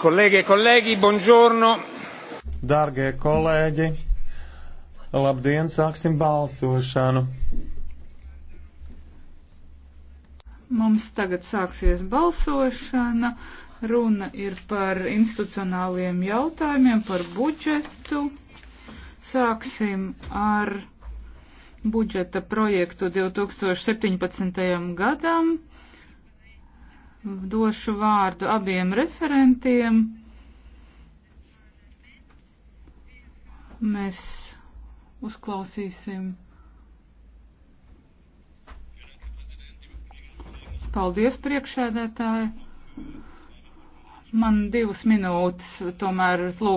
Kolēģi, kolēģi, buongiorno! Dārgie kolēģi, labdien, sāksim balsošanu! Mums tagad sāksies balsošana. Runa ir par institucionāliem jautājumiem, par budžetu. Sāksim ar budžeta projektu 2017. gadam došu vārdu abiem referentiem. Mēs uzklausīsim. Paldies, priekšēdētāji. Man divas minūtes tomēr lūk.